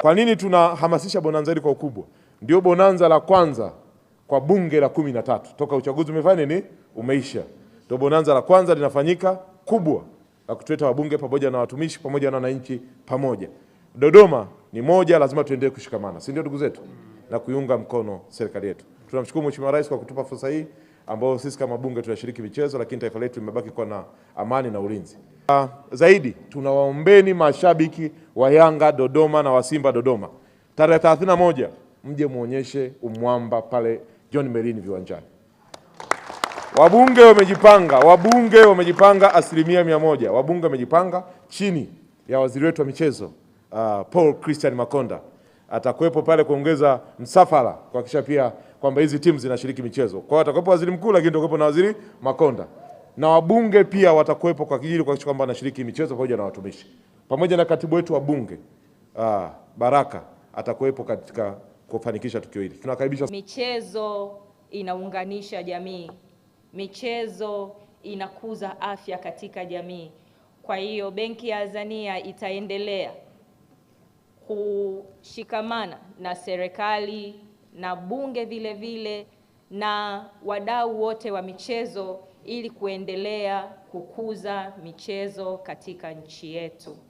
Kwa nini tunahamasisha bonanza hili kwa ukubwa? Ndio bonanza la kwanza kwa bunge la kumi na tatu toka uchaguzi umefanya nini, umeisha. Ndio bonanza la kwanza linafanyika kubwa la kutuleta wabunge pamoja na watumishi pamoja na wananchi pamoja. Dodoma ni moja, lazima tuendelee kushikamana, si ndio ndugu zetu, na kuiunga mkono serikali yetu. Tunamshukuru Mheshimiwa Rais kwa kutupa fursa hii ambao sisi kama bunge tunashiriki michezo, lakini taifa letu limebaki kuwa na amani na ulinzi. Ah, zaidi tunawaombeni mashabiki wa Yanga Dodoma na wa Simba Dodoma tarehe 31, mje muonyeshe umwamba pale John Merlin viwanjani. Wabunge wamejipanga, wabunge wamejipanga asilimia mia moja. Wabunge wamejipanga chini ya waziri wetu wa michezo uh, Paul Christian Makonda atakuwepo pale kuongeza msafara kuhakikisha pia kwamba hizi timu zinashiriki michezo. Kwa hiyo atakuwepo waziri mkuu, lakini atakuwepo na waziri Makonda na wabunge pia watakuwepo kwa kijili kuhakikisha kwamba wanashiriki michezo pamoja na watumishi pamoja na katibu wetu wa Bunge uh, Baraka atakuwepo katika kufanikisha tukio hili. Tunakaribisha. Michezo inaunganisha jamii, michezo inakuza afya katika jamii. Kwa hiyo Benki ya Azania itaendelea kushikamana na serikali na bunge vile vile na wadau wote wa michezo ili kuendelea kukuza michezo katika nchi yetu.